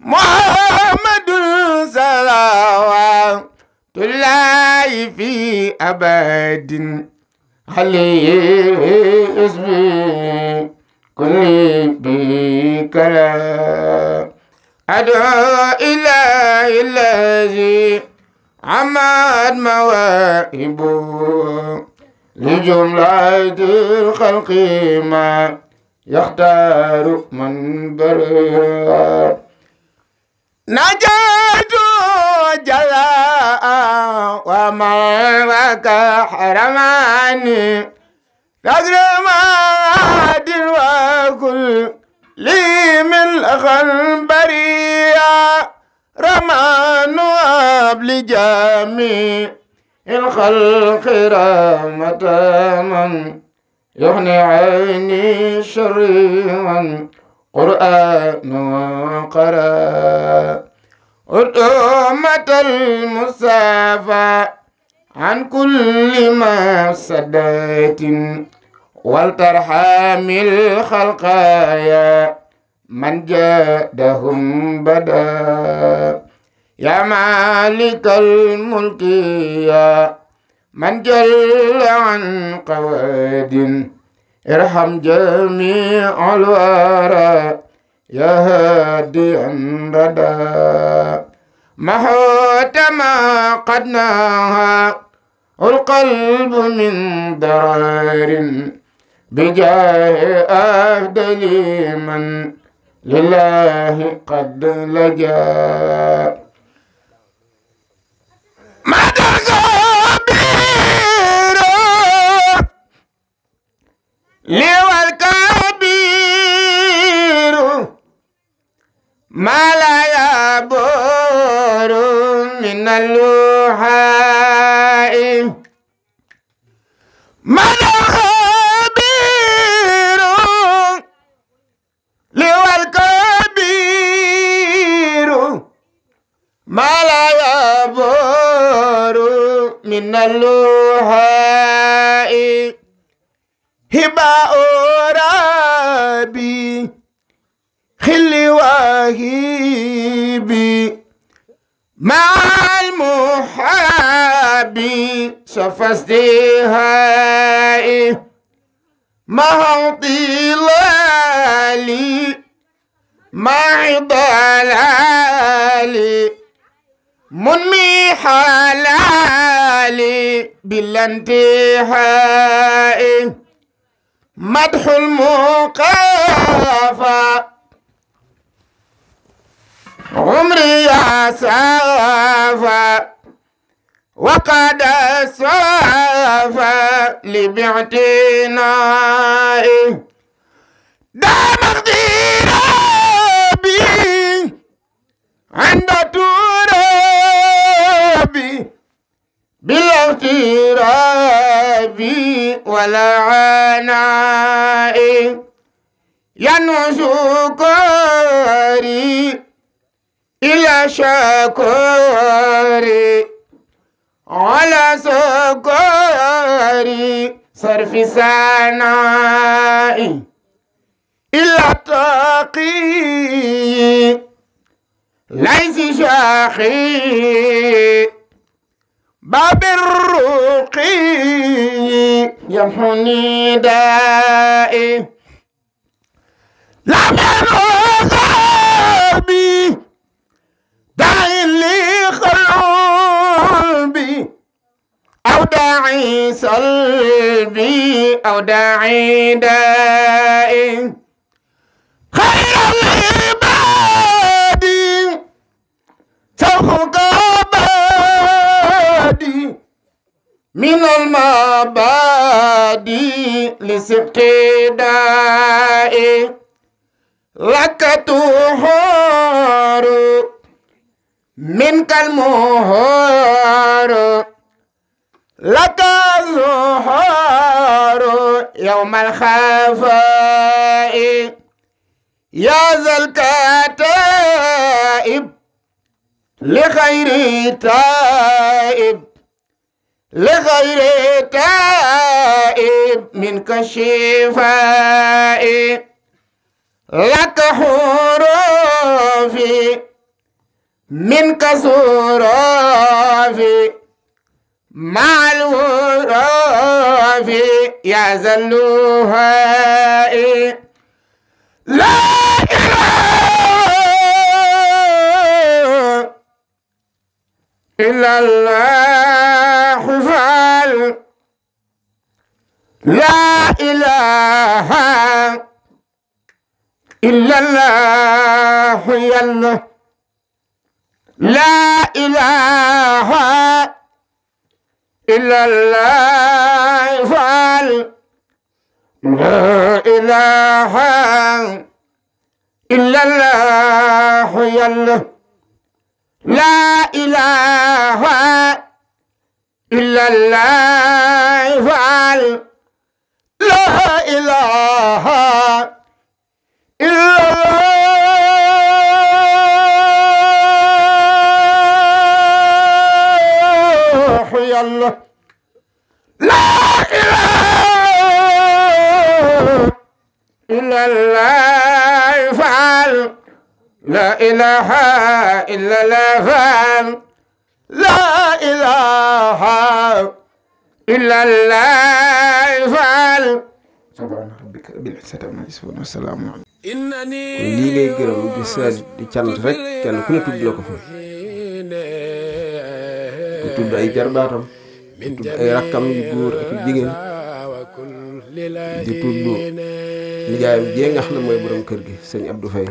محمد صلوات الله في أبد عليه اسمي كل بكرة أدعو إلى الذي عمد مواهبه لجملة الخلق ما يختار من برار نجات جلاء وما لك حرماني قدر ما عادل وكل لي من الخنبرية رمان وابل جميع الخلق رمتاً من يغني عيني شريعا قرآن قرأ أمة المسافة عن كل ما سدات ولترحم الخلق يا من جادهم بدا يا مالك الملك يا من جل عن قواد ارحم جميع الورى يا هاديا ردى محوت ما قد نهى القلب من ضرار بجاه أفضل من لله قد لجأ liwal kabiru ما لا يعبر من اللوحاء من خبير لو الكبير ما لا يعبر من اللوحاء هبا أورابي خل وهيبي مع المحابي صف ما هو طلالي مع ضلالي منمي حلالي بلا انتهائي مدح المقافى عمري يا سافى وقد سافى لباعتنائه دام اغترابي عند ترابي بالاغتراب والعناء ينوس كاري إلى شكوري على سكوري صرف سنائي إلا التقي ليس شاخي باب الرقي يمحو ندائي لم ذنبي داعي لقلبي أو داعي سلبي أو داعي دائي خير الإبراهيم عبادي لسقدائي لك تهور منك المهور لك الظهور يوم الخفاء يا ذا الكتائب لخير تائب لغير تائب منك الشفاء لك حروفي منك صرافي مع الورافي يا زلوها لا إله إلا الله لا إله إلا الله يلا لا إله إلا الله لا إله إلا الله يلا لا إله إلا الله لا إله إلا الله يا الله لا إله إلا الله فعل لا إله إلا الله فعل لا إله إلا الله فعل bil lii ngay gërëm di seet di cant rek kenn ku ne tudd la ko fi di tudd ay jarbaatam di tudd ay rakkam yu góor ak jigéen di tudd nijaayam jee nga xam ne mooy borom kër gi sëñ du Faye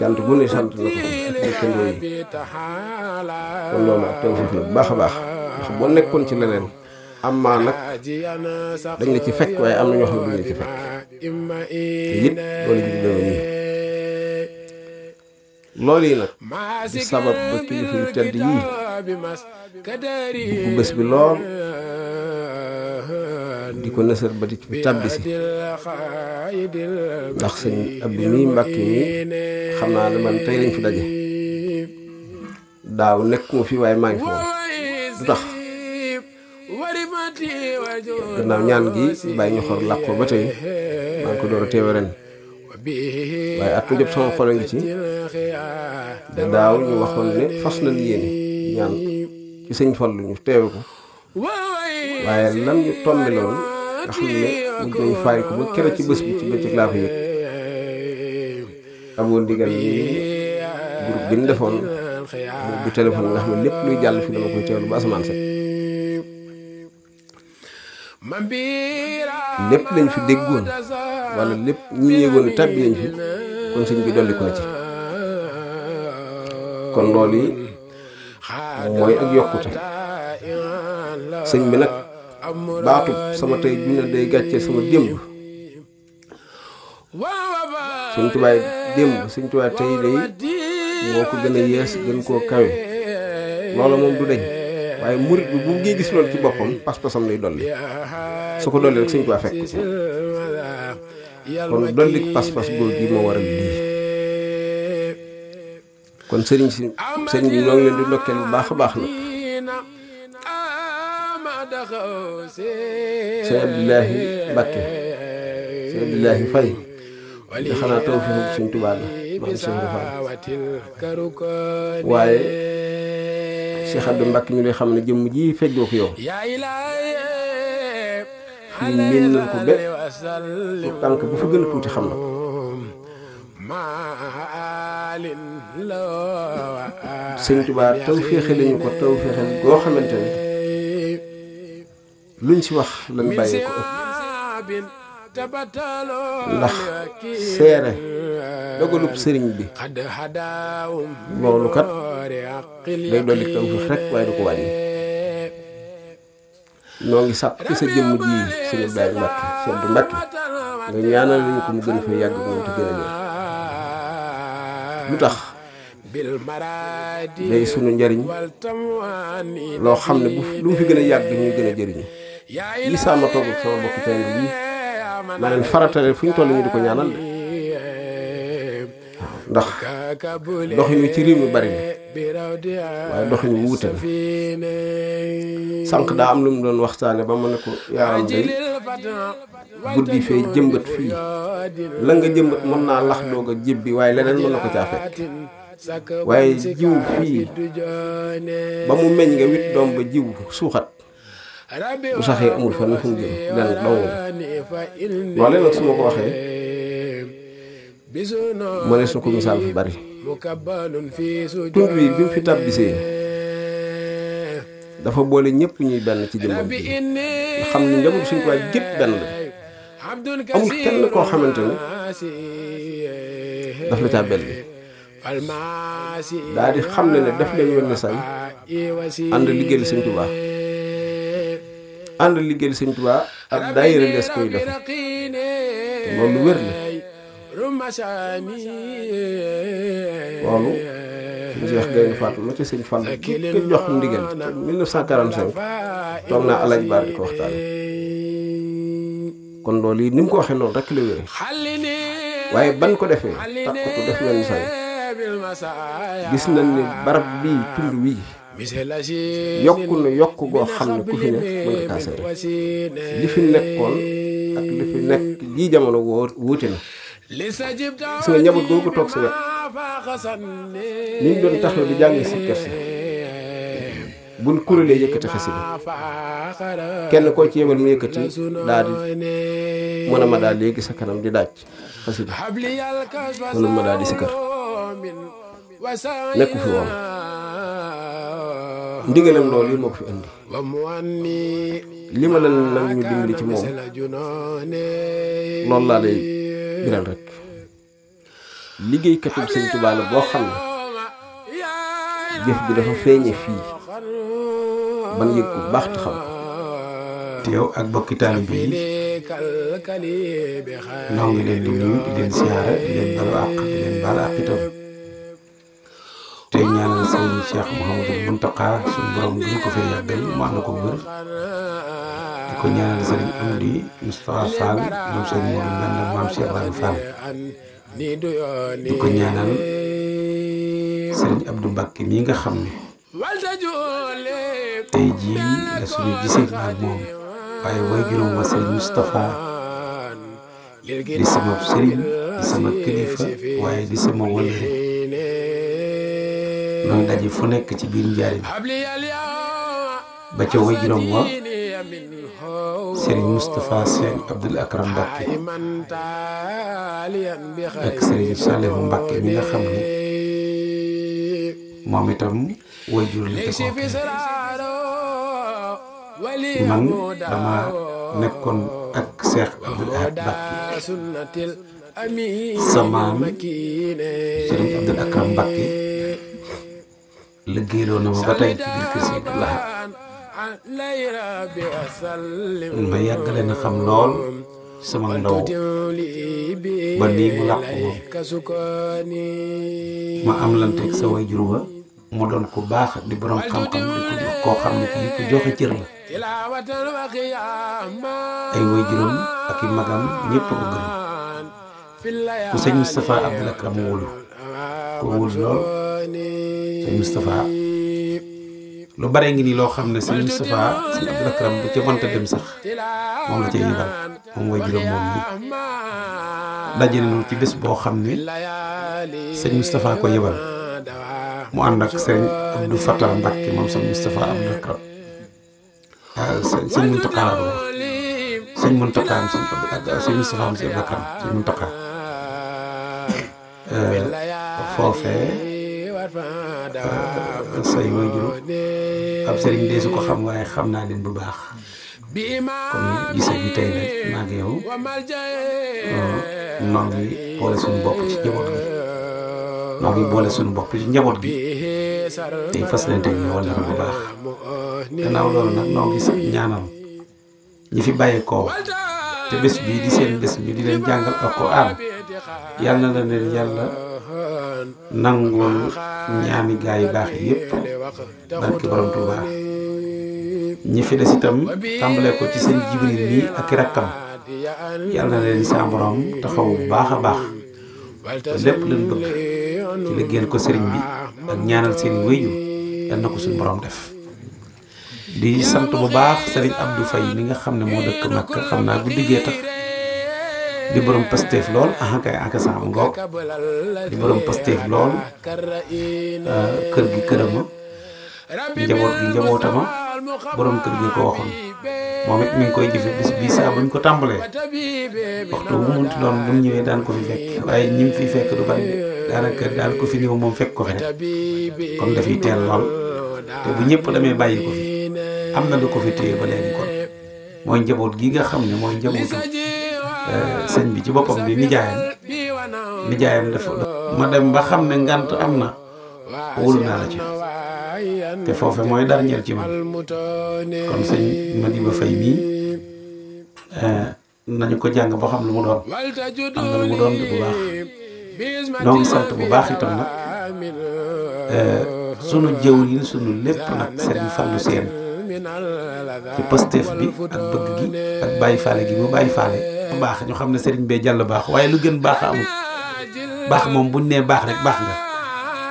cant bu ne sant na ko ak dëkkandoo yi kon loolu baax baax ndax boo nekkoon ci leneen am amaa nag dañ la ci fekk waaye am na ñoo xam duñ la ci fekk te it loolu ji demee nii yi nag sabab ba kilifa yu tedd yii bu bés bi lool di ko nësër ba di ci tàbbi si ndax sëñ Abdou mii Mbàkke mii xam naa ne man tey lañ fi daje daaw nekkuma fi waaye maa ngi fi woon du tax gannaaw ñaan gi bàyyi ñu xor làq ko ba tey maa ngi ko door a teewe ren waaye at mu jot sama ngi ci da daaw ñu waxoon ne fas nañ yéene ñaan ci sëñ Fallu ñu teewe ko waaye lan ñu tombe loolu nga xam ne mujj nañu faay ko ba kere ci bés bi ci bëccëg laa ko yëg amoon ndigal ni groupe bi ñu defoon bu téléphone nga xam ne lépp luy jàll fi dama koy teewlu ba asamaan set lépp lañ fi déggoon wala lépp ñi yéegoon tàbbi lañ fi kon sëñ bi dolli ko na ci kon loolu yi mooy ak yokkute sëñ bi nag baatub sama tey junne day gàccee sama démb sëñ tubaay démb sëñ tubaay tey day moo ko gën a yees gën koo kawe loola moom du deñ waaye murit bi bu ngee gis loolu ci boppam pas-pasam lay dolli su ko dolli rek sëñ Tuubaa fekk ci kon dolli pas-pas góor bu baax a baax nag sëñ Abdoulahi Mbàkke sëñ Abdoulahi Fay di xanaa taw fi sëñ Tuubaa waaye Cheikh Abdou Mbacké mi lay xam na jëmm ji feggoo ko yow fii miin nañ ko bé tànk bu fa gën a tuuti xam na ko sëñ Tuubaa taw lañu ko taw féexe goo xamante ne luñ ci wax lan bàyyi ko ëpp ndax seere dogalub sëriñ bi loolu kat day dolli taw rek waaye du ko wàññi noo ngi sàpp ci sa jëmm ji sëñ Ibrahima Mbacke sëñ bi Mbacke nga ñaanal ñu ko mu gën a fay yàgg moom te gën a lu tax day loo xam ne bu lu mu fi gën a yàgg ñuy gën a jëriñu yi sama toog ak ma leen faratale fu ñu toll ñu di ko ñaanal de ndax dox yu ci réew mi bari na waaye dox ñu wuute na sànq daa am lu mu doon waxtaane ba mu ne ko yaaram day guddi fee jëmbat fii la nga jëmbat mën naa lax doog a jébbi waaye leneen mën na ko caa fekk waaye jiw fii ba mu meñ nga wit doom ba jiw suuxat bu saxee amul fan fu mu jëm lenn dong la loolee nag su ko waxee mënees na ko misaal fu bari tund wi bi mu fi tàbbisee dafa boole ñëpp ñuy benn ci jëmmam bi xam ni njabootu suñu tubaab gépp benn la amul kenn koo xamante ne daf la caa benn daa di xam ne ne daf leen yónni say ànd liggéeyal suñu tubaab and liguel seigne touba ak daire les koy def te loolu wér la loolu suñu gay Gaynde Faatma ma ci seigne fan bu ko jox ndigal te 1945 toog naa alaaj baar di ko waxtaan kon loolu yi nim ko waxe noonu rek la wére waye ban ko defé tak ko def wenn say gis nañ ni barab bi tundu wi yokk nu yokk goo xam ne ku fi ne mën nga kaasal li fi nekkoon ak li fi nekk lii jamono woo wuute na su nga njaboot sa wet ni ñu doon taxaw di jàng si kër si buñ kurélee yëkkati xasida kenn koo ci yemal mu yëkkati daal di a ma daal léegi sa kanam di daaj xasida mënuma daal di si kër nekku fi woon ndigalam loolu yi moo ko fi indi li ma lan nag ñu dimbali ci moom loolu laa lay biral rek liggéeykatub sëñ Tuubaa la boo xam ne jëf bi dafa feeñe fii ban yëg ko baax te xam te yow ak bokki taalibe yi noo ngi leen di leen siyaare leen balu àq leen baal àq tey ñaanal sëñ Cheikh Mouhamadou Mountakha suñu borom gën ko fee yàggal mu ànd ko wër di ko ñaanal sëriñ Amdi Moustapha Fall moom nga xam ne tey moom waaye way juróom ma sëriñ Moustapha sama kilifa waaye di sama wëllëre ñooy daje fu nekk ci biir njaarim ba ca way wa sëriñ Moustapha Seen Abdoul ak sëriñ Salihu mi nga xam ne moom itam way jur la ko man dama nekkoon ak Cheikh Abdoul Ahad Mbacke sama maam sëriñ Abdoul Akram Mbacke liggéeyloo na ma ba tey ci biir kër Sëriñ yàggale na xam lool sama ndaw ba nii mu làq ma am lanteeg sa way jur mu doon ku baax di borom xam-xam di ko joxe cër la ay way ak i magam ñëpp ko gërëm ku sëñ Moustapha Abdoul Akram wóolu ko wóolu lool sëñ Mustafa, lu bare ngi nii loo xam ne sëñ Moustapha sëñ Abdou Lakram bu ca mënta dem sax moom la cay yebal moom mooy juróom moom bi daje nañu ci bés boo xam ne sëñ Moustapha ko yebal mu ànd ak sëñ Abdou Fatah Mbacke moom sëñ Moustapha Abdou Lakram sëñ sëñ Mountakha la wax sëñ Mountakha am sëñ sëñ am man say waajur ab sëriñ dee su ko xam waaye xam naa leen bu baax kon gise bi tey nag yow oh, noo boole suñu bopp ci njaboot bi noo boole suñu bopp ci njaboot gi tey fas leen tey ñëwal na bu baax gannaaw loolu nag noo ngi sax ñaanal ñi fi bàyyeekoo te bés bii di seen bés ñu di leen jàngal alxuraan yàlla na leen yàlla nangul ñaani gaa yu baax yépp barki borom Touba ñi fi des itam tàmbalee ko ci seen jibril nii ak rakkam yàlla na leen saa borom taxaw bu baax a baax lépp luñ bëgg ci liggéeyal ko sëriñ bi ak ñaanal seen wéyu yàlla na ko suñu borom def. di sant bu baax sëriñ Abdou Faye mi nga xam ne moo dëkk Makka xam naa bu diggee tax. di borom pastef lol aha kay aka sa ngo di borom pastef lool keur gi kërama njaboot gi njabootama borom keur gi ko waxon momit mi ngi koy jifé bis bi sa buñ ko tambalé waxtu mu mu doon bu ñëwé daan ko fi fekk waye ñim fi fekk du bari danaka daal ko fi ñëw mom fekk ko fi kon da fi teel lool te bu ñëpp la may bayiko fi amna lu ko fi téyé ba légui kon moy njabot gi nga xamné moy njabot sëñ bi ci boppam di nijaayam nijaayam dafa ma dem ba xam ne ngant am na wóolu naa la ci te foofe mooy dar ñel ci man kon sëñ Madiba Faye mii eh, nañu ko jàng boo xam lu mu doon am na lu mu doon di bu baax noo ngi sant bu baax itam nag eh, sunu jëwriñ sunu lépp nag sëriñ Fallou Sène ci pësteef bi ak bëgg gi ak bàyyi faale gi bu bàyyi faale bu baax ñu xam ne sëriñ bee jàll baax waaye lu gën baax amul baax moom buñ nee baax rek baax nga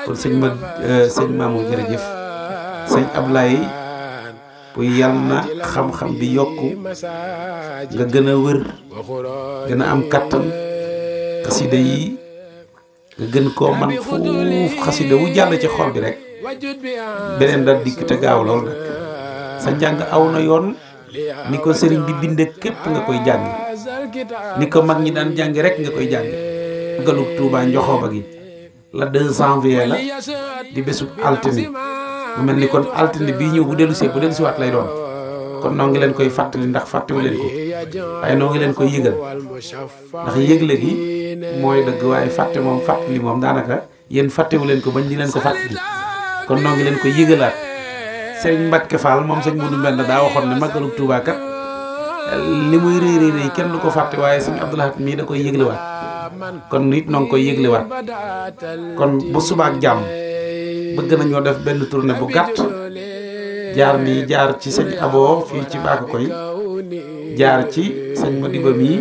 kon sëñ ma euh, sëñ maamu jërëjëf sëñ Ablaye bu yal na xam-xam bi yokku nga gën a wër gën a am kattan xasida yi nga gën koo man fuuf xasida wu jàll ci xol bi rek beneen daal dikk te gaaw lool nag sa njàng aw na yoon ni ko sëriñ bi bindee képp nga koy jàng ni ko mag ñi daan jàngi rek nga koy jàng galub Touba Njoxooba gi la 2 janvier la di bésub altine mel ni kon altine bii ñëw bu dellu see bu dellu si waat lay doon kon noo ngi leen koy fàttali ndax fàttewu leen ko waaye noo ngi leen koy yëgal ndax yëgle gi mooy dëgg waaye fàtte moom fàttali moom daanaka yéen fàttewu leen ko bañ di leen ko fàttali kon noon ngi leen koy yëgalaat sëñ Mbacke Fall moom sëñ Modou Mbenda daa waxoon ne màggalu Touba li muy rëy rëy rëy kenn du ko fàtte waaye sëñ Abdou Lahad mii da koy yëglewaat kon nit noo ngi koy yëglewaat kon bu subaak jàmm bëgg nañoo def benn turne bu gàtt jaar nii jaar ci sëñ Abo fii ci Mbacke koy jaar ci sëñ Madiba mii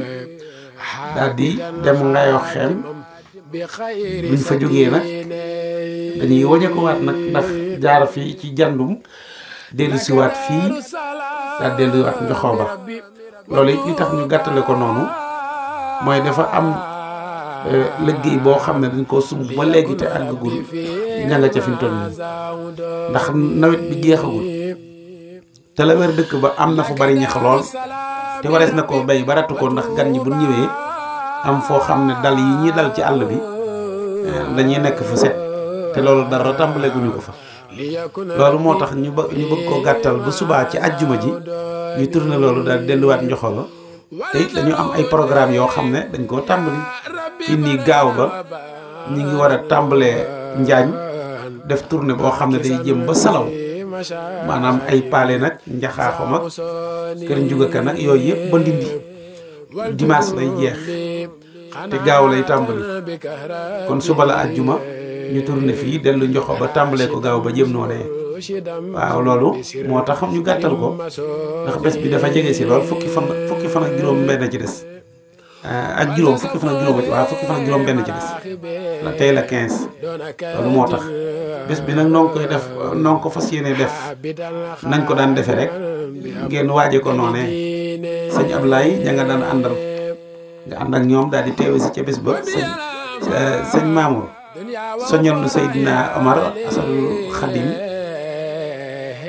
daal di dem Ngayo Xeem buñ fa jógee nag dañuy wañe ko waat nag ndax. jaara fii ci jandum dellu siwaat fii daal delluwaat njoxooba loolu it li noonu mooy dafa am euh, liggéey boo xam ne dañ koo sumb ba léegi te àggagul ña nga ca fi mu toll nii ndax nawet bi jeexagul te la wér dëkk ba am na fa bari ñax lool te warees na koo bay baratu ko ndax gan ñi bu ñëwee am foo xam ne dal yi ñuy dal ci àll bi euh, dañuy nekk fu set te loolu dara tàmbaleeguñu ko fa. lolu motax ñu ñu bëgg ko gattal bu suba ci aljuma ji ñu lolu dal delu wat njoxolo te it dañu am ay programme yoo xamne dañ ko tambali fii gaaw ba ñi ngi wara tambalé tàmbalee njaañ def tournée boo xamne day jëm ba salaw manam ay paale nag njaxaaxo ak kër njuga ka nak yoy yëpp ba dindi dimanche lay jeex te gaaw lay tambali kon suba la aljuma ñu tourné fii dellu njoxo ba tàmbalee ko gaaw ba jëm noonee waaw loolu moo tax ñu gàttal ko ndax bés bi dafa jege si lool fukki fan fukki fan ak juróom benn ci des ah, ak juróom fukki fan ak juróom waaw fukki fan ak juróom benn ci des la tey la 15 loolu moo tax bés bi nag noo ngi koy def noo ngi ko fas yéene def nañ ko daan defe rek ngeen waaje ko noonee sëñ Ablaye ja nga daan àndal nga ànd ak ñoom daal di teewe si ca bés ba sëñ sëñ Mamour soññal nu sayidina Omar khadim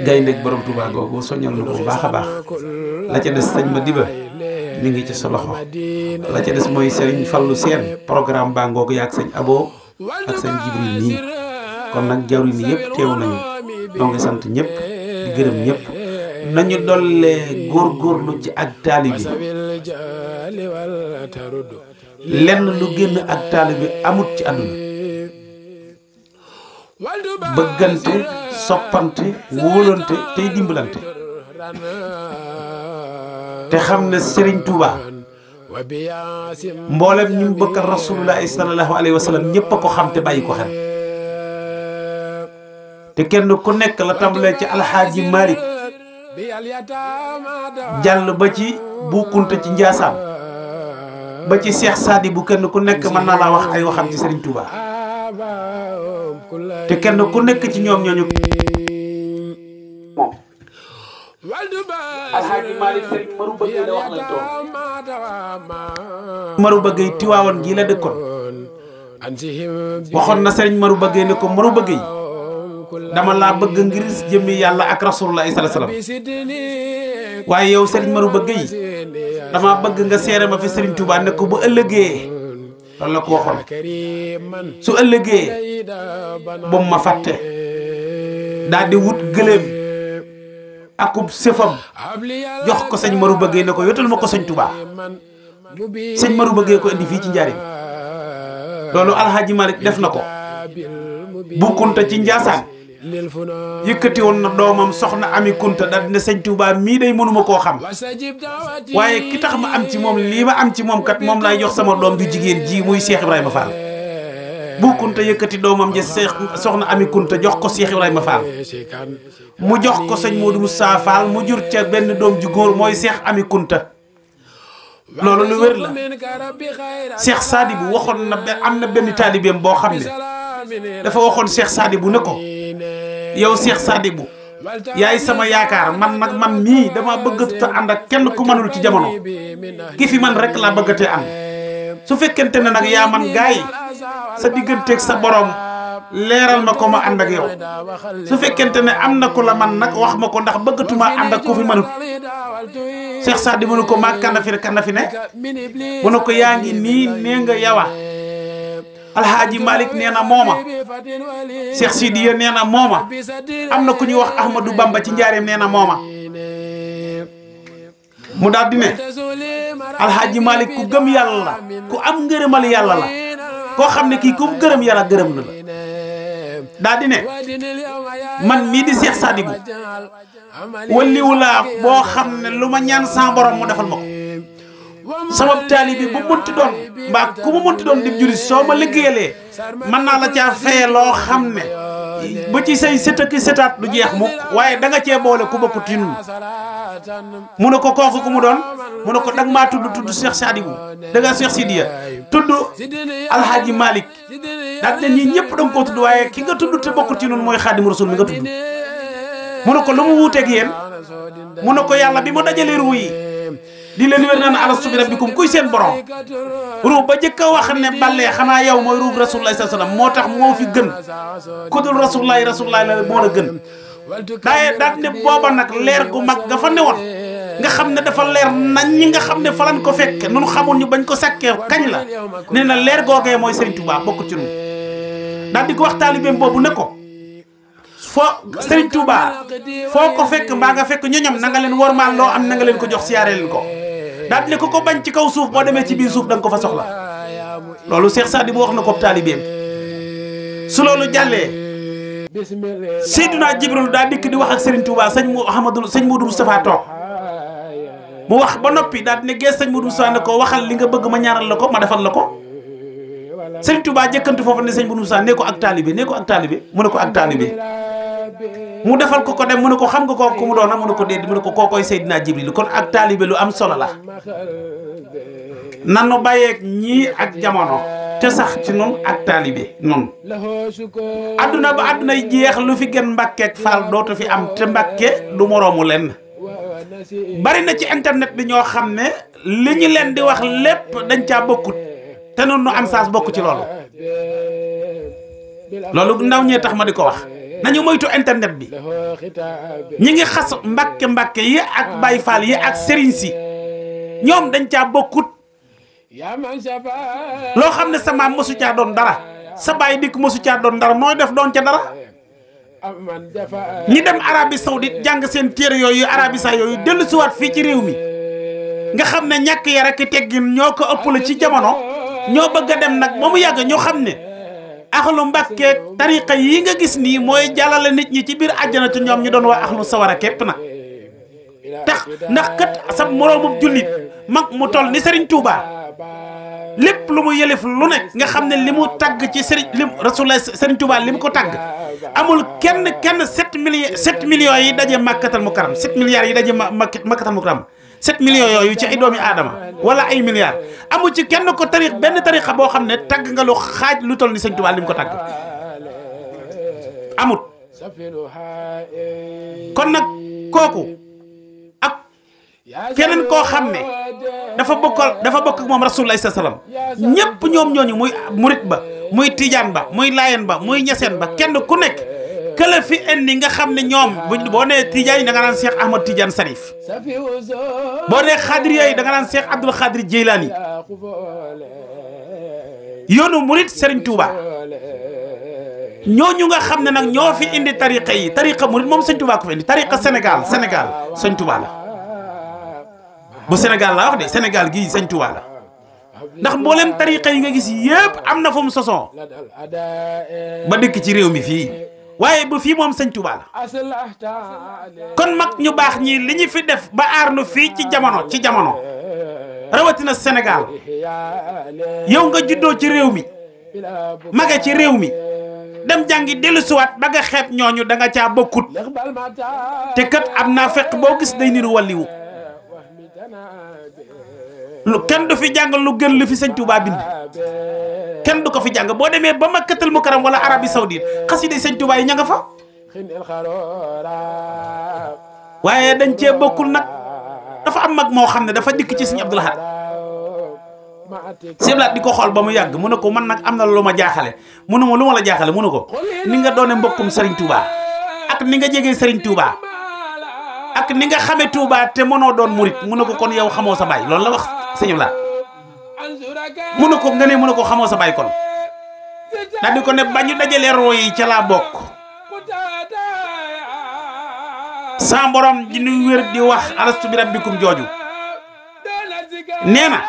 gaynde ak borom Touba gogo soññal nu ko bu baax baax la ca des sëñ ma diba mi ngi ci sa loxo la ca des mooy sëñ fallu seen programme ba yaag sëñ Abo ak sëñ Jibril nii kon nag jawri ni yëpp teew nañu noo ngi sant ñëpp di gërëm ñëpp nañu gor lu ci ak talibi bi lenn lu génn ak talibi amut ci aduna bëggante soppante wóolante tey dimbalante te xam ne Serigne Touba mboolem ñu mu bëgg rasulullahi sallallahu alayhi wa sallam ñëpp a ko xam te bàyyi ko xel te kenn ku nekk la tàmbalee ci alxaaji Malick jàll ba ci bu kunta ci Njaasaan ba ci Seex Saadi bu kenn ku nekk mën naa laa wax ay waxam ci Serigne Touba. te kenn ku nekk ci ñoom ñooñu moom alxaaji Maalik Sëriñ Maru Bëggey wax nañ doom Maru Bëggey Tiwaawan gii la dëkkoon waxoon na Sëriñ Maru Bëggey ko Maru Bëggey dama laa bëgg ngir jëmmi yàlla ak rasulullah sallallahu alayhi wasallam waaye yow Sëriñ Maru Bëggey dama bëgg nga seere ma fi Sëriñ Tuubaa ne ko bu ëllëgee loolu la ko waxoon su ëllëgee ba mu ma fàtte daal di wut gëléem akub sëfam jox ko sëñ Maru bëggee na ko yotal ma ko sëñ Touba sëñ Maru bëggee ko indi fii ci njariñ loolu Alxaaji Malik def na ko bu ci Njaasaan yëkkati woon na doomam soxna Ami Kunta da dina sëñ Tuubaa mii day mënuma koo xam waaye ki tax ma am ci moom lii ma am ci moom kat moom laay jox sama doom ju jigéen ji muy Cheikh Ibrahima Fall bu Kunta yëkkati doomam ja Seex soxna Ami jox ko Cheikh Ibrahima Fall mu jox ko sëñ Modou Moussa Fall mu jur ca benn doom ju mooy Cheikh Ami loolu lu wér la Cheikh Sadibou waxoon na am na benn taalibeem boo xam ne dafa waxoon Cheikh Sadibou ne ko yow Cheikh Sadibou yaay sama yaakaar man nag man mii dama bëggatuta ànd kenn ku mënul ci jamono ki fi man rek laa bëggatee am su fekkente ne nag yaa man gaay sa digganteeg sa borom leeral ma ko ma ànd ak yow su fekkente ne am na ko la man nag wax ma ko ndax bëggatuma ànd ak ku fi mënut Cheikh Sadibou ne ko maa kana fi kana fi ne bu ne ko yaa ngi nii nee nga yawa alhaaji malik nee na mooma cheikh sidiya nee na mooma am na ku ñuy wax ahmadou bamba ci njaareem nee na mooma mu daal di ne alhaaji malik ku gëm yàlla la ku am ngërëmal yàlla la koo xam ne kii ku gërëm yàlla gërëm na la daal di ne man mii di seex sadibu walliwu laa boo xam ne lu ma ñaan sans mu defal ma ko sama taalibe bu mënti doon mbaa ku mu mënti doon dim juri soo ma liggéeyalee mën naa la caa feye loo xam ne ba ci say sët ak sëtaat du jeex mukk waaye da nga cee boole ku bokk tinu mu ne ko kooku ku mu doon mu ne ko danga maa tudd tudd Cheikh Sadibou da ngaa Cheikh Sidiya tudd Alhaji Malick daal ne ñii ñëpp da nga koo tudd waaye ki nga tudd te bokk ci nun mooy Xaadimu Rasuul mi nga tudd mu ne ko lu mu wuuteeg yéen mu ne ko yàlla bi mu dajalee ruu di leen wér naan alastu bi rabbikum kuy seen borom ruub ba jëkk a wax ne balee xanaa yow mooy ruub rasulullahi sallallahu alayhi moo tax moo fi gën ku dul rasulullahi rasulullahi la moo la gën daaye daat ne booba nag leer gu mag nga fa nga xam ne dafa leer nañ ñi nga xam ne falan ko fekke nun xamul ñu bañ ko sàkkee kañ la nee na leer googee mooy Serigne Touba bokk ci nun daal di ko wax taalibeem boobu ne ko foo Serigne Touba foo ko fekk maa nga fekk ñoñom na nga leen wormaal loo am na leen ko jox siyaare leen ko daal ne ko ko bañ ci kaw suuf boo demee ci biir suuf da nga ko fa soxla loolu Cheikh Sadi bu wax na ko taalibeem su loolu jàllee Seydina Jibril daa dikk di wax ak Serigne Touba sëñ Mouhamadou sëñ Modou Moustapha toog mu wax ba noppi daal ne gees sëñ Modou Moustapha ne ko li nga bëgg ma ñaaral la ko ma defal la ko Serigne Touba jëkkantu foofu ne sëñ Modou Moustapha ne ko ak taalibe ne ko ak taalibe mu ne ko ak taalibe mu defal ko ko dem mu ne ko xam nga kooku ku mu doona mu ne ko déedéet mu ne ko kookoy Seydina Jibril kon ak taalibe lu am solo la nanu bàyyeeg ñii ak jamono te sax ci noonu ak taalibe noonu adduna ba adduna yi jeex lu fi gën mbàkkeek faal dootu fi am te mbàkke du moroomu lenn bari na ci internet bi ñoo xam ne li ñu leen di wax lépp dañ caa bokkut te noonu nu am saas bokk ci loolu loolu ndaw ñee tax ma di ko wax nañu moytu internet bi ñi ngi xas mbàkke mbàkke yi ak Baay Faal yi ak sëriñ si ñoom dañ caa bokkut loo xam ne sa maam mosu caa doon dara sa baay dikk mosu caa doon dara nooy def doon ca dara ñi dem Arabie Saoudite jàng seen téere yooyu Arabie Saoudite yooyu dellu siwaat fii ci réew mi nga xam ne ñàkk ya rekk teggin ñoo ko ëpp la ci jamono ñoo bëgg a dem nag ba mu yàgg ñoo xam ne axlu mbàkkeeg tariqa yi nga gis nii mooy jàllale nit ñi ci biir àjjana ci ñoom ñu doon waa axlu sawara kepp na tax ndax kat sa moroomub jullit mag mu toll ni Serigne Touba lépp lu mu yëlif lu nekk nga xam ne li mu tagg ci Serigne lim Rasulullah Serigne Touba li mu ko tagg amul kenn kenn 7 millions 7 million yi daje Makkatal Mukarram 7 milliards yi daje Makkatal Mukarram 7 millions yoyu ci ay doomi adama wala ay milliards amu ci kenn ko tariikh benn tariikha bo xamne tag nga lu xaj lu toll ni seigne touba lim ko tag amut kon nak koku ak kenen ko xamne dafa bokkal dafa bokk ak mom rasulullah sallam ñepp ñom ñooñu muy murit ba muy tidiane ba muy layen ba muy ñeseen ba kenn ku nekk kële fi indi nga xamne ñom ñoom buñ boo Tidiane da nga nan Cheikh Ahmad Tidiane Sarif boo nee xadri yooyu da nga nan Cheikh Abdoul Xadri jilani yonu murit Serigne Touba ñoñu nga xamne nak ño fi indi tariqa yi tariqa murit mom Serigne Touba ko fi indi tariqa senegal senegal Serigne Touba la bu Senegal la wax de senegal. gi Serigne Touba la ndax mboolem tariqa yi nga gis yeb amna fu ba dëkk ci réew mi waaye ba fii moom sëñ Touba kon mag ñu baax ñii li ñu fi def ba aar nu fii ci jamono ci jamono rawatina Sénégal yow nga juddoo ci réew mi mage ci réew mi dem jàngi dellusiwaat ba nga xeeb ñooñu da nga caa bokkut te kat am naa fekk boo gis day niru walliwu lu kenn du fi jang lu gën lu fi seigne Touba bind kenn du ko fi jang bo demee ba makkatal mukaram wala arabi Saudi kasih seigne Touba yi ñanga fa waye dañ ci bokul nak dafa am mag mo xamne dafa dik ci seigne Abdou Lahad siblaat di ko xool ba mu yàgg mu ne ko man nak amna luma jaxale mu ne la jaxale mu ni nga doone mbokum serigne Touba ak ni nga jegee serigne Touba ak ni nga xame Touba te doon murit mu ne ko kon yow xamoo sa bay loolu la wax senyumlah, la munu ko nga munu ko xamoo sa bay kon daal di ko ne bañu dajale roy ci la bok sa borom di nu wér di wax alastu bi rabbikum joju neena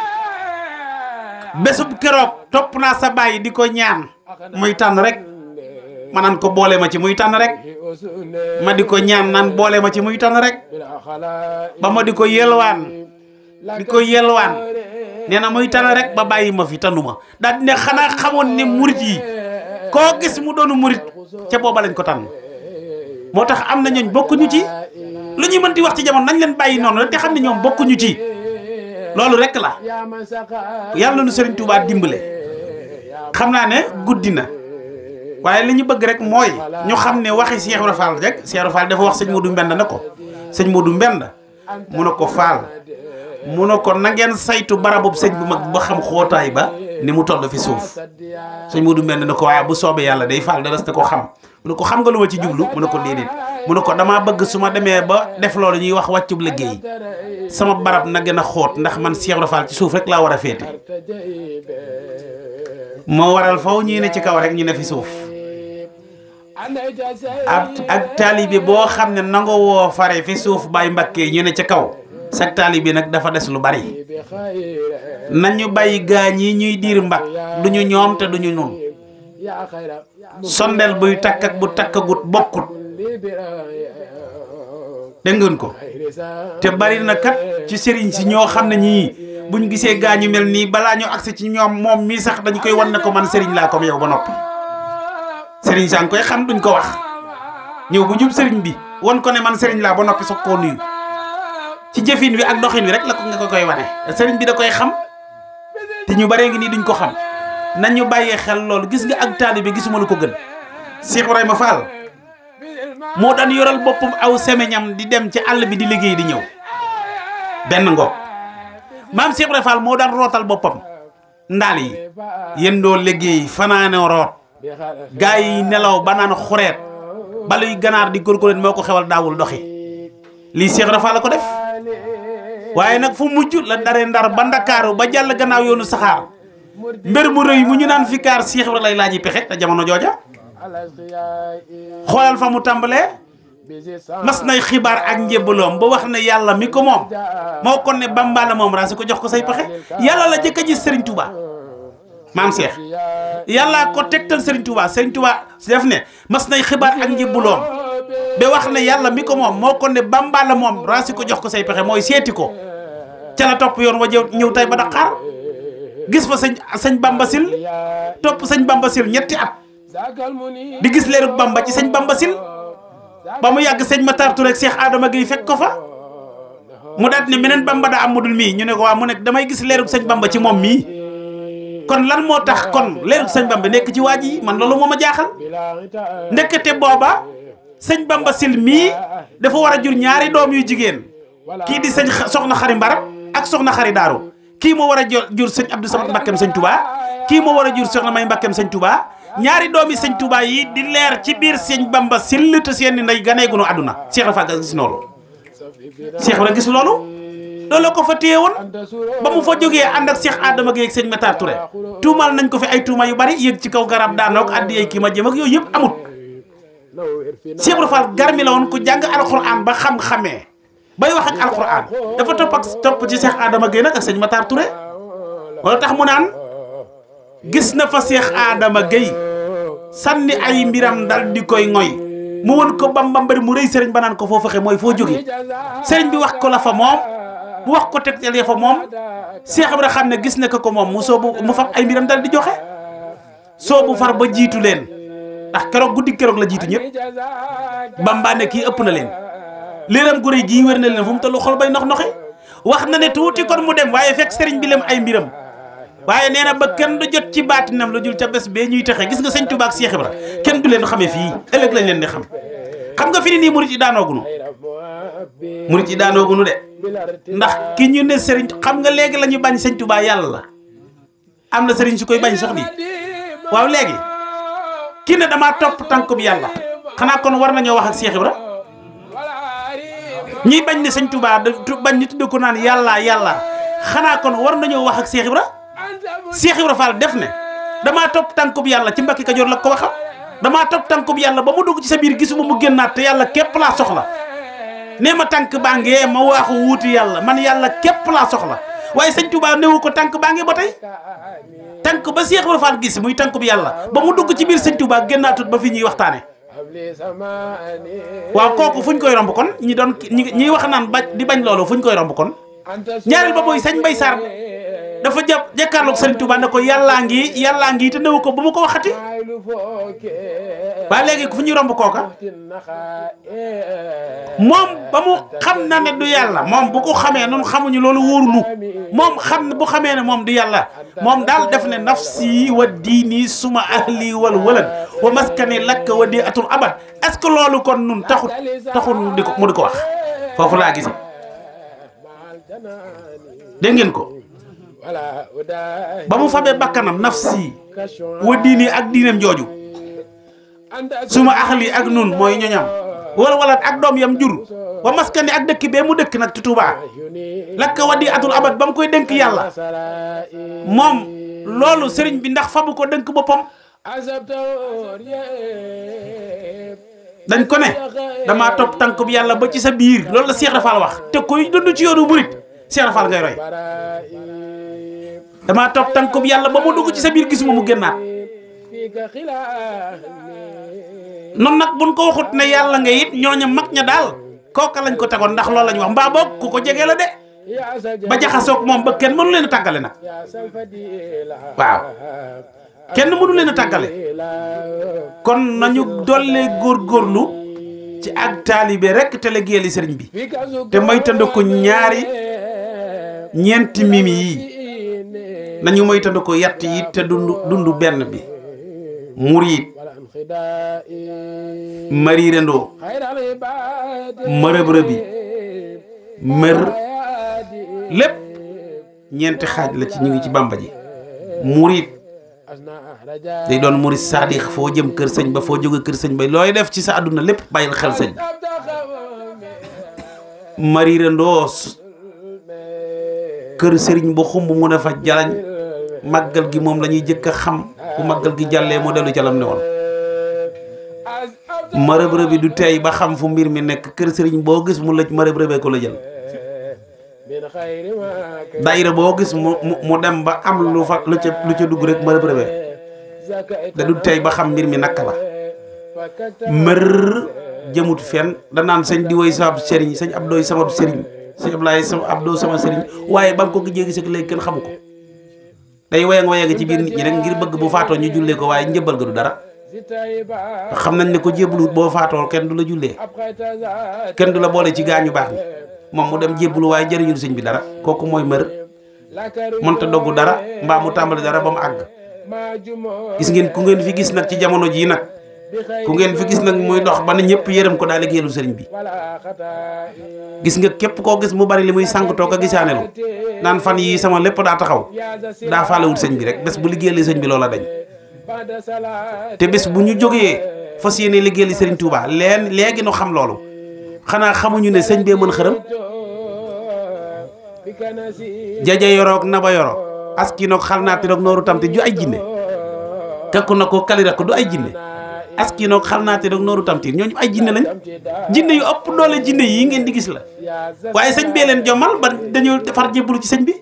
besub bésub top na sa bay di ko ñaan muy tan rek manan ko boole ma ci muy tan rek ma di ko ñaan nan boole ma ci muy tan rek ba ma di ko yelwaan di ko yelwaan nee na muy tane rek ba bàyyi ma fi tanuma daal di ne xanaa xamoon ne murit yi koo gis mu doonu murit ca booba lañ ko tànn moo tax am na ñooñ bokkuñu ci lu ñuy mën di wax ci jamono nañ leen bàyyi noonu rek te xam ne ñoom bokkuñu ci loolu rek la yàlla nu Serigne Touba dimbale xam naa ne guddi na waaye li ñu bëgg rek mooy ñu xam ne waxi Cheikh Ibra Fall rek Cheikh Ibra Fall dafa wax sëñ du Mbenda na ko sëñ Modou Mbenda mu ne ko Fall mu ne ko na ngeen saytu barabub sëñ bu mag ba xam xootaay ba ni mu toll fi suuf sëñ Modou mel ne ko waaye bu soobee yàlla day faal dara te ko xam mu ne ko xam nga lu ma ci jublu mu ne ko déedéet mu ne ko damaa bëgg su ma demee ba def loolu ñuy wax wàccub liggéey sama barab na gën a xóot ndax man Cheikh Ibra Fall suuf rek laa war a féete moo waral faw ñu ne ci kaw rek ñu ne fi suuf ak ak taalibe boo xam ne nangoo woo fare fi suuf bàyyi mbakkee ñu ne ci kaw sag taalibe bi nak dafa dess lu bari nañu bàyyi gaañ yi ñuy dir mbak duñu ñom te duñu ñun sondel buy tak ak bu takkagut bokkut dégg ngeen ko te bari na kat ci serign si ño xamna ñi buñu gisé gisee gaañu mel nii balaa ñu ak ci ñom mom mi sax dañ koy wan nako man serign la ko yow ba nopi serign koy xam duñ ko wax ñew bu jub serign bi wan ko ne man serign la ba nopi sokko nuyu ci jëfin wi ak doxin wi rek la ko nga koy wane serigne bi da koy xam te ñu bare ngi ni duñ ko xam nañu xel lool gis nga ak taalibe gisuma lu ko gën Cheikh Ibrahima Fall mo daan yoral bopum aw semeñam di dem ci all bi di liggéey di ñew ben ngo mam Cheikh Ibrahima Fall mo dan rotal boppam ndal yi yendoo liggéey fanane root gaay yi nelaw ba naan xureet baluy ganar di gorgolen moko xewal dawul doxi lii Cheikh Rafa la ko def waaye nag fu mujj la dare ndar ba ndakaaru ba jàll gannaaw yoonu saxaar mbir mu rëy mu ñu naan fi kaar Cheikh Ibra lay laaji pexe te jamono jooja xoolal fa mu tàmbalee mas nay xibaar ak njébaloom ba wax ne yàlla mi ko moom moo kon ne Bamba la moom raasi ko jox ko say pexe yàlla la jëkk a gis Serigne Touba maam Cheikh yàllaa ko tegtal Serigne Touba Serigne Touba def ne mas nay xibaar ak njébaloom be wax ne yalla mi ko mom moko ne Bamba la mom rasi ko jox ko say pexe moy seti ko ci la top yon wajew ñew tay ba Dakar gis fa señ sëñ Bamba Sil top señ Bamba Sil ñetti at di gis leerug Bamba ci señ Bamba Sil ba mu yag señ Matar Touré ak Cheikh Adama Gueye fek ko fa mu dat ne menen Bamba da am mi ñu ne ko wa mu nek damay gis leerug señ Bamba ci mom mi kon lan motax kon leerug señ Bamba nek ci waji man lolu moma jaxal nekete boba sëñ Bamba sil mii dafa war a jur ñaari doom yu jigéen kii di sëñ soxna xari mbaram ak soxna xari daaru kii moo war a jur sëñ Abdou Samad Mbakkeem señ tubaa kii moo war a jur soxna may Mbakkeem sëñ Touba ñaari doomi sëñ Touba yi di leer ci biir sëñ Bamba Syll te seen i ndey ganee gunu àdduna Cheikh Rafa gis loolu Cheikh Rafa gis loolu. loolu ko fa téye woon ba mu fa jógee ànd ak Cheikh Adama Gueye ak sëñ Matar Touré tuumal nañ ko fi ay tuuma yu bari yëg ci kaw garab daanoo ak addi ay kii a jëm yëpp amut Siapa Ibra Fall garmi la woon ku jàng alxuraan ba xam-xamee bay wax ak alxuraan dafa ada ak topp ci Cheikh Adama Guèye nag ak Matar Touré wala tax mu naan gis na fa Cheikh Adama ay mbiram dal di koy ngoy mu won ko bam bam bari mu rëy sëriñ ba naan ko foo fexe mooy foo jóge sëriñ bi wax ko la fa moom mu wax ko ya fa Cheikh gis na ko mu mu ay mbiram dal di joxe soobu far ba jiitu ndax keroog guddi keroog la jiitu ñëpp bambaane kii ëpp na leen leeram gu rëy gii wér na leen fu mu tollu xol bay nox noxe wax na ne tuuti kon mu dem waaye fekk sëriñ bi lem ay mbiram waaye nee ba kenn du jot ci baatinam la jul ca bés bee ñuy taxe gis nga sëñ Tuubaa ak Seex Ibra kenn du leen xamee fii ëllëg lañ leen di xam xam nga fi ni nii murit yi daanoogunu murit yi daanoogunu de ndax ki ñu ne sëriñ xam nga léegi la ñu bañ sëñ Tuubaa yàlla la am na sëriñ su koy bañ sax bi kii ne damaa topp tànkub yàlla xanaa kon war nañoo wax ak Cheikh Ibra ñiy bañ ne sëñ Touba bañ ni tudd ko naan yàlla yàlla xanaa kon war nañoo wax ak Cheikh Ibra Cheikh def ne damaa topp tànkub yàlla ci Mbàkke Kajoor la ko waxal damaa topp tànkub yàlla ba mu dugg ci sa biir gisuma mu génnaat te yàlla képp laa soxla nee ma tànk baa ngee ma waaxu wuuti yàlla man yàlla képp laa soxla waaye sëñ Touba néewu ko tànk baa ngi ba tey tànk ba Cheikh Ibra Fall gis muy tànk bi yàlla ba mu dugg ci biir sëñ Touba génnaatut ba fi ñuy waxtaane waaw kooku fu ñu koy romb kon ñi doon ñi ñiy wax naan ba di bañ loolu fu ñu koy romb kon ñaareel ba mooy sañ Mbay Sarr dafa jàpp jàkkaarloog Serigne Touba ne ko yàllaa ngi yàllaa ngi te néew ko ba mu ko wax waxati ba léegi fu ñu romb kooka moom ba mu xam na ne du yàlla moom bu ko xamee noonu xamuñu loolu wóorulu moom xam bu xamee ne moom du yàlla moom daal def ne nafsi wa diini suma ahli wal walad wa maskani lakk wa di atul abad est loolu kon nun taxut taxut mu di ko wax foofu laa gise dégg ngeen ko ba mu fabee bakkanam nafsi wa diini ak diineem jooju suma axli ak nun mooy ñoñam wala wala ak doom yam jur wa maskani ak dëkk bee mu dëkk nag ci Tuubaa lakka waddi atul abad ba mu koy dënk yàlla moom loolu sëriñ bi ndax fabu ko dënk boppam dañ ko ne damaa topp tànk bi yàlla ba ci sa biir loolu la Cheikh Rafal wax te koy dund ci yoonu murit Cheikh Rafal ngay roy damaa topp tànkub yàlla ba ma dugg ci sa biir gisuma mu génnaat noon nag buñ ko waxut ne yàlla nga it ñooña mag ña daal kooka lañ ko tegoon ndax loolu lañ wax mbaa boog ku ko jege la de ba jaxasoog moom ba kenn mënu leen a tàggale nag waaw kenn mënu leen a tàggale kon nañu dollee góorlu ci ak taalibe rek te liggéeyali sëriñ bi te ko ñaari ñeenti mimi yi nañu moytandu ko yatt yi dund benn bi murid mariirandoo mërëb-rëbi mër lépp ñeenti xaaj la ci ñu ngi ci bàmba ji murid day doon murid saadix foo jëm kër sëñ ba foo jóge kër sëñ ba looy def ci sa àdduna lépp bàyyil xel sëñ mariirandoo kër sëriñ ba xumb mun a fa jalañ màggal gi mom lañuy jëk xam bu màggal gi jàllee mo delu jalam ne won marab rëb du tay ba xam fu mbir mi nek keur sëriñ bo gis mu lecc marab rebe ko la jël daayira bo gis mu dem ba am lu fa lu ci lu ci dug rek marab rebe da du tay ba xam mbir mi nak la mer jëmut da nan señ di way sama sëriñ señ ab doy sama sëriñ sañ ab sama ab sama sëriñ waye ba ko gëjee gis ak lay kenn xamuko day wayang wayang ci biir nit ñi rek ngir bëgg bu faatoo ñu jullee ko waaye njëbbal ga du dara xam nañ ne ko jébbalu boo faatoo kenn du la jullee kenn du la boole ci gaañu baax ni moom mu dem jébbalu waaye jëriñul sëñ bi dara kooku mooy mër mënta doggu dara mbaa mu tàmbali dara ba mu àgg gis ngeen ku ngeen fi gis nag ci jamono jii nag ku ngeen fi gis nag muy dox ba ne ñëpp yërëm ko daa lu sëriñ bi gis nga képp koo gis mu bari li muy sànq toog a gisaaneelu naan fan yi sama lépp daa taxaw daa faalewut sëñ bi rek bés bu liggéeyali sëñ bi loola dañ te bés bu ñu jógee fas yéene liggéeyali sëriñ tuubaa leen léegi nu xam loolu xanaa xamuñu ne sëñ bee mën xërëm jaja yoroog naba yoro askinoog xal naati roog nooru tamte ju ay jinne kakku na ko kalira ko du ay jinne askiino xarnaate rek nooru tamtiir ñooñu ay jinne lañ jinne yu ëpp doole jinne yi ngeen di gis la waaye sëñ bee leen jommal ba dañoo defar jébbalu ci sëñ bi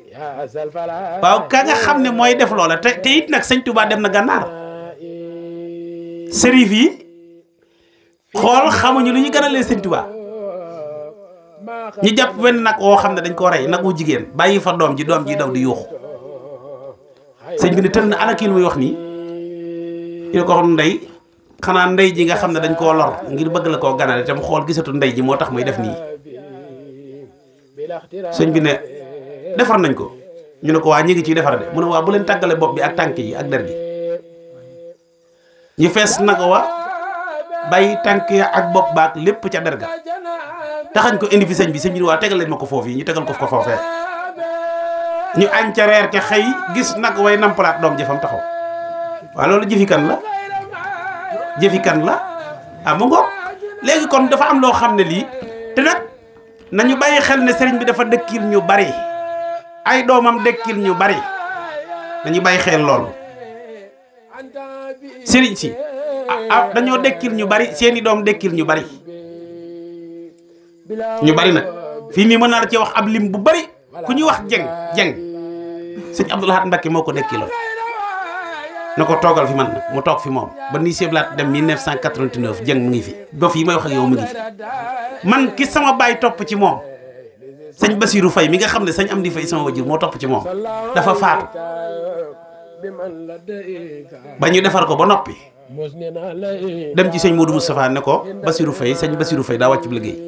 waaw ka xam ne mooy def loola te te nag sëñ Touba dem na gànnaar sërif yi xool xamuñu lu ñu gënalee sëñ Touba ñu jàpp wenn nag woo xam ne dañ koo rey nag wu jigéen bàyyi fa doom ji doom ji daw di yuuxu sëñ bi ne tën na ana kii lu muy wax nii ñu ko xam ndey xanaa ndey ji nga xam ne dañ koo lor ngir bëgg la koo ganale tam mu xool gisatu ndey ji moo tax muy def nii sëñ bi ne defar nañ ko ñu ne ko waa ñi ngi ciy defar de mu ne waa bu leen tàggale bopp bi ak tànk yi ak der gi ñu fees nag wa bay tànk ya ak bopp baak lépp ca der ga taxañ ko indi fi sëñ bi sëñ bi waa tegal leen ma ko foofu yi ñu tegal ko ko foofee ñu añ ca reer ca xëy gis nag way nampalaat doom jëfam taxaw waaw loolu jëfi kan la jëfi kan la ah mu ngoog léegi kon dafa am lo xamné li té nak nañu bayyi xel né sëriñ bi dafa dëkkil ñu bari ay domam dëkkil ñu bari nañu bayyi xel lool sëriñ si ah, ah dañoo dëkkil ñu bari seeni dom dëkkil ñu bari ñu bari nak fi nii mëna la ci wax ab lim bu bari ku ñu wax jeng jeng sëriñ Abdoul Mbacké moko ko nako togal fi man mu tok fi mom ba ni Cheikh Laat dem 1989 jeng mu ngi fi fi may wax ak yow mu ngi fi man ki sama bay top ci mom seigne Basirou fay mi nga xamne seigne Amdi fay sama wajur mo top ci mom dafa faatu ba ñu defar ko ba nopi dem ci seigne Modou mustapha ne ko Basirou fay seigne Basirou fay da wàcc bu liggey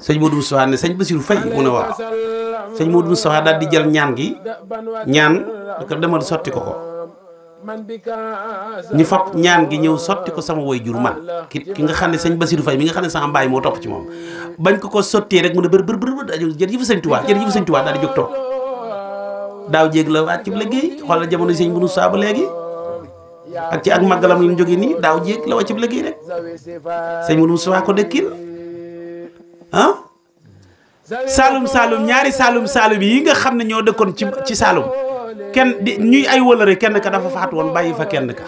seigne Modou mustapha ne seigne Basirou fay mu ne wa seigne Modou mustapha dal di jël ñaan gi ñaan ko demal soti ko ko ñi fab ñaan gi ñew soti ko sama woy jur man ki nga xamne ne sëñ Fay mi nga xamne ne sama mbaay moo topp ci mom bañ ko ko soti rek mu ne bër bër bër bër jërëjëf sëñ Tuubaa jërëjëf sëñ Tuubaa daal di jog top daw jéeg la salum xol la jamono sëñ bu nu saaba legi ak ci ak magalam jogi ni daw la bu legi rek nu ko dekil ah? salum salum ñaari salum salum yi nga xamne ño ci ci salum kenn di ñuy ay wëlëre kenn ka dafa faatu woon bàyyi fa kenn ka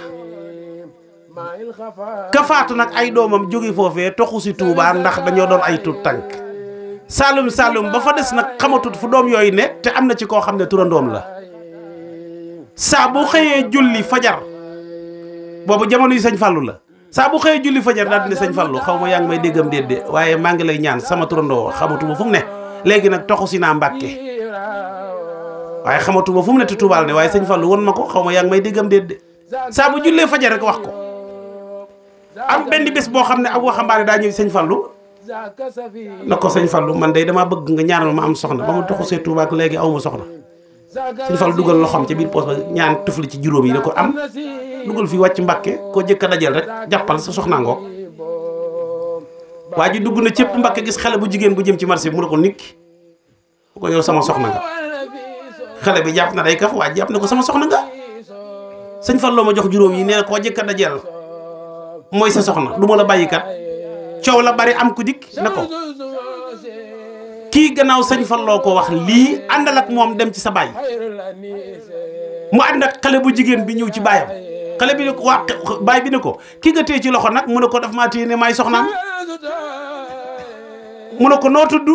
ka faatu nag ay doomam jóge foofee toxu si Touba ndax dañoo doon ay tut tànk saalum saalum ba fa des nag xamatut fu doom yooyu ne te am na ci koo xam ne turandoom la saa bu xëyee julli fajar boobu jamono yi sëñ Fallou la saa bu xëyee julli fajar daal di ne sëñ Fallou xaw ma yaa ngi may déggam déedéet waaye maa ngi lay ñaan sama turandoo xamatuma fu mu ne léegi nag toxu si naa Mbàkke waaye xamatuma fu mu ne tutubal ne de seigne sëñ Fallu won mako xawma yang may degam déet sa bu julle fajar rek wax ko am benn bis bo xamne ne ak waxambaane daa ñëw sëñ Fallu na ko sëñ Fallu man day dama bëgg nga ñaanal ma am soxna ba ma taxu see tuba ak legi awu soxna seigne Fallu dugal loxam ci biir poos ba ñaan tufli ci juroom yi nako am dugal fi wacc mbacke ko jëk a dajal rek jappal sa soxna ngo waji dugg na cipp mbacke gis xalé bu jigen bu jëm ci marché mu ko ko yow sama soxna nga xale bi japp na day kaf waa ne ko sama soxna nga sëñ Fallou ma jox juróom yi neena na koo jëkka jël mooy sa soxna duma la bàyyi kat coow la bari am ku dikk na ko kii gannaaw sëñ Fallou ko wax lii àndal ak moom dem ci sa baay mu ànd ak xale bu jigéen bi ñëw ci baayam xale bi ne ko bi ne ko ki nga téye ci loxo nag mu ne ko daf maa téye ne may soxnaam mu ne ko noo tudd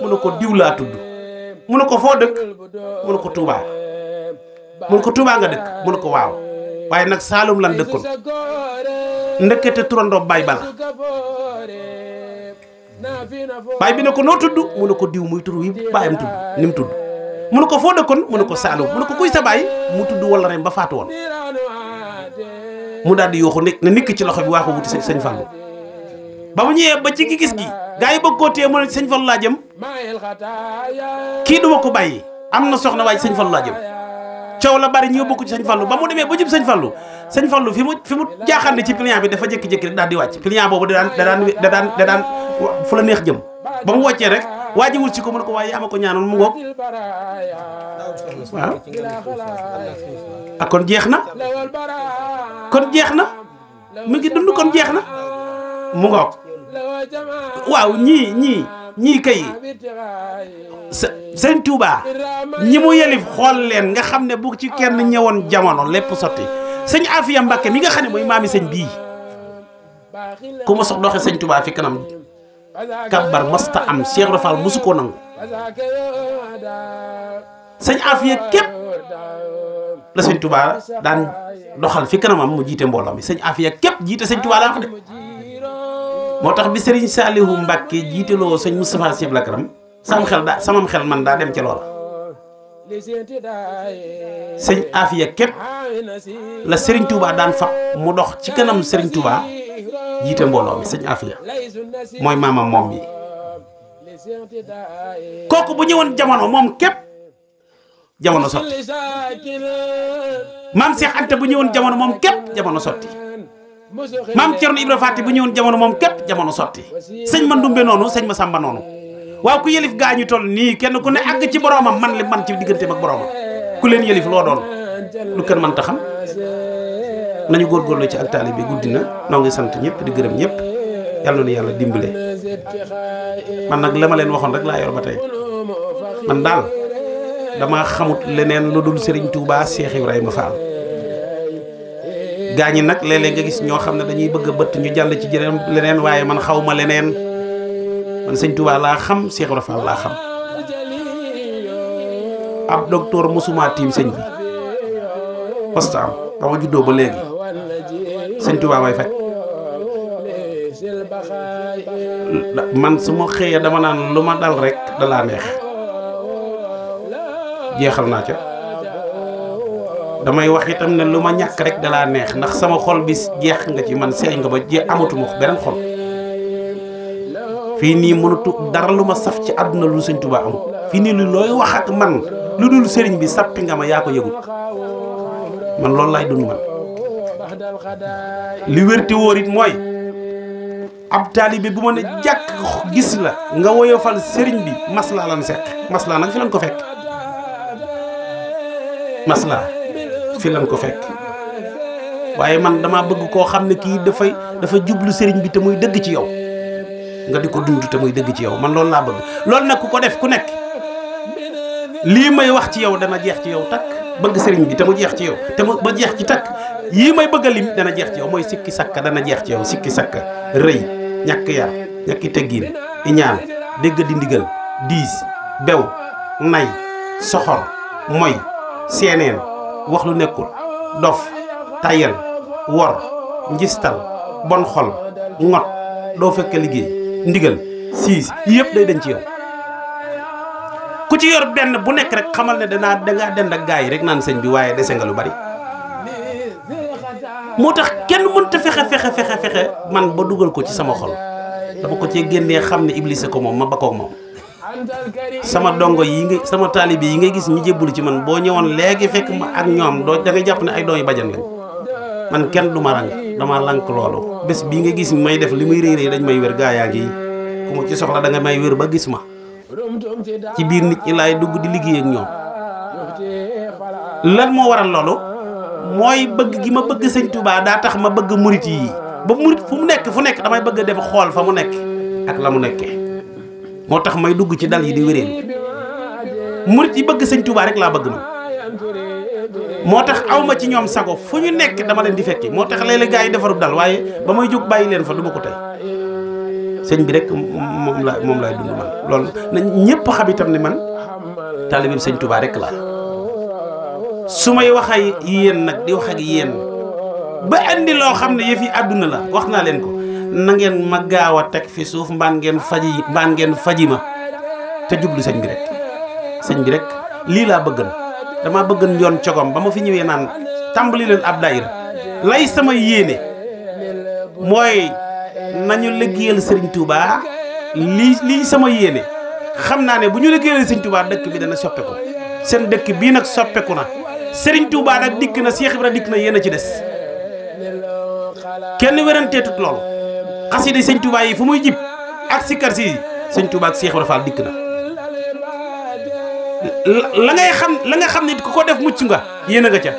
mu ne ko diw laa tudd mu ko foo dëkk mu ko Touba mu ko Touba nga dëkk ko waaw waaye nag Saalum lan dëkkoon ndëkkete turandoo bay Bala bay bi ne ko noo tudd mu ne ko diw muy tudd wi baayam tudd ni mu tudd mu ne ko foo dëkkoon mu ko Saalum mu ko kuy sa mu tudd wala rem ba faatu woon mu daal di ki ci loxo bi wuti sëñ Fallou ba mu ñëwee ba ci gi gis gi gaa yi bëgg koo téye mu ne sëñ Fallu laa jëm kii duma ko bàyyi am na soxna waaye sëñ Fallu laa jëm coow la bari ñoo bokk ci sañ Fallu ba mu demee ba jub sëñ Fallu sëñ Fallu fi mu fi mu jaaxande ci pliant bi dafa jékki-jékki rek daal di wàcc pliant boobu da daan da daan da daan fu la neex jëm ba mu woccee rek waa ji wut si ko mu ko waaye yaa ko ñaanal mu ngoog waaw ah, kon jeex na kon jeex na mu ngi dund kon jeex na mu ngoog waaw ñii ñii ñii kay sëñ Touba ñi mu yelif xool leen nga xam ne bu ci kenn ñëwoon jamono lépp sotti sëñ Afiya Mbàkke mi nga xam ne mooy maami sëñ bii ku ma doxe sëñ Touba fi kanam kabbar masta am Cheikh Rafal mosu ko sëñ Afiya képp la sëñ Touba daan doxal fi kanamam mu jiite mbooloo mi sëñ Afiya képp jiite sëñ Touba daan ko de motax bi Serigne Saliou Mbacke jiiteloo serigne Moustapha Sy Al sam xel da samam xel man da dem ci loola serigne Afia kep la Serigne Touba dan fa mu dox ci kanam Serigne Touba jité mbolo mi serigne Afia moy mama mom bi koku bu ñewon jamono mom kep jamono sotti mam Cheikh ante bu ñewon jamono mom kep jamono sotti. maam Cerno Ibra Faati bu ñëwoon jamono moom képp jamono sotti sëñ ma ndumbe noonu sëñ ma sàmba noonu waaw ku yëlif gaa toll nii kenn ku ne àgg ci boroomam man li man ci digganteem ak boroomam ku leen yëlif loo doon lu kenn man ta xam nañu góor góorgóorlu ci ak taalibe bi guddi na noo ngi sant ñëpp di gërëm ñëpp yàlla na nu yàlla dimbale man nag la ma leen waxoon rek laa yor ba tey man daal damaa xamut leneen lu dul Serigne Touba Cheikh ma faal gaañi nak lélé nga gis ño xamné dañuy bëgg bëtt ñu jall ci jërëm lénen waye man xawma lénen man señ touba la xam Cheikh rafa la xam ab docteur musuma tim señ bi poste am ba ma ba légui señ touba way fa man suma ma dama nan luma dal rek da la neex jeexal na ca damay wax itam ne luma ñak rek da la neex ndax sama xol bi jeex nga ci man seey nga ba amatu mu benen xol fi ni mënatu tu dar luma saf ci aduna lu sëñ Tuubaa am fi ni lu loy wax ak man lu dul sëriñ bi sappi nga ma ya ko yegul man lool lay dund man li werti wóor it ab bu ne gis la nga woyofal bi masla lan masla nak fi lan ko fek masla fi lañ ko fekk waye man dama bëgg ko xamne ki dafa dafa jublu sëriñ bi te muy dëgg ci yow nga di ko dund te muy dëgg ci yow man lool la bëgg lool nak ku ko def ku nekk li may wax ci yow dana jeex ci yow tak bëgg sëriñ bi te mu jeex ci yow te mu ba jeex ci tak yi may bëgg lim dana jeex ci yow moy sikki sakka dana jeex ci yow sikki sakka reuy ñak yar ñak teggine iñaan dégg di ndigal diis bew nay soxor moy cnn wax lu nekkul dof tayel wor njistal bon xol ngot do fekk liggey ndigal sis yep day den ci yow ku ci yor ben bu nek rek xamal ne da nga den ak gaay rek nan señ bi waye dese nga bari motax kenn mën ta fexé fexé fexé fexé man ba duggal ko ci sama xol dama ko ci génnee xamné Iblis ko mom ma bako mom sama dongo yi nga sama taalibe yi ngay gis ñu jébbalu ci man boo ñëwoon léegi fekk ma ak ñoom doo da jàpp ne ay doomi bajan lañ man kenn du ma rang dama lank loolu bés bii nga gis may def li muy réy réy dañ may wér gaa yaa ngi ku ma ci soxla da may wér ba gis ma ci biir nit ñi laay dugg di liggéey ak ñoom lan moo waral loolu mooy bëgg gi ma bëgg sëñ tubaa daa tax ma bëgg murit yi ba murit fu mu nekk fu nekk damay bëgg a dem xool fa mu nekk ak la mu nekkee motax may dugg ci dal yi di barek mourid yi bëgg sëñ Touba rek la bëgg man motax awma ci ñom sago fu ñu nekk dama leen di fekki motax lay la gaay defaru dal waye ba may jóg bàyyi leen fa duma ko tay sëñ bi rek mom la mom lay dund man lool na ñëpp xam itam man talibim Touba rek la sumay wax ay yeen nak di wax ak yeen ba andi lo xamne yefi aduna la waxna ko na magawa ma gaaw a fi suuf mbaan ngeen faji mbaan ngeen faji ma te jublu señ bi rek señ bi rek li la bëggal dama bama fi naan tambali leen ab lay sama yene moy nañu liggéeyal señ Touba li li sama yene xamna naa ne bu ñu liggéeyal señ Touba dëkk bi dana ko seen dëkk nak soppé ko na señ Touba nak dik na Cheikh ibrahim dik na yene ci des kenn tut loolu xasida sëñ Touba yi fu muy jib ak sikkar si sëñ Touba ak Cheikh Ibra Fall dikk na la ngay xam la nga xam ne ku ko def mucc nga yéen a nga ca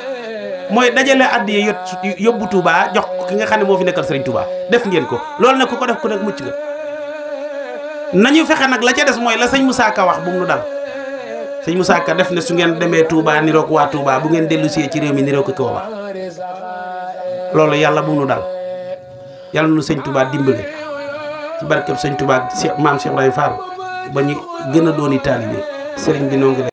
mooy dajale addiya yot yóbbu tuubaa jox ki nga xam ne moo fi nekkal sëriñ Touba def ngeen ko loolu nag ku ko def ku nekk mucc nga nañu fexe nag la ca des mooy la sëñ Moussa Ka wax bu mu nu dal sëñ Moussa Ka def ne su ngeen demee Touba niroog waa Touba bu ngeen dellusee ci réew mi niroog ko kaw loolu yàlla mu nu yàlla na sëñ Touba dimbale ci barkeb sëñ tubaab maam Cheikh Ibrahima ba ñu gën a dooni taalibe sëriñ bi noo ngi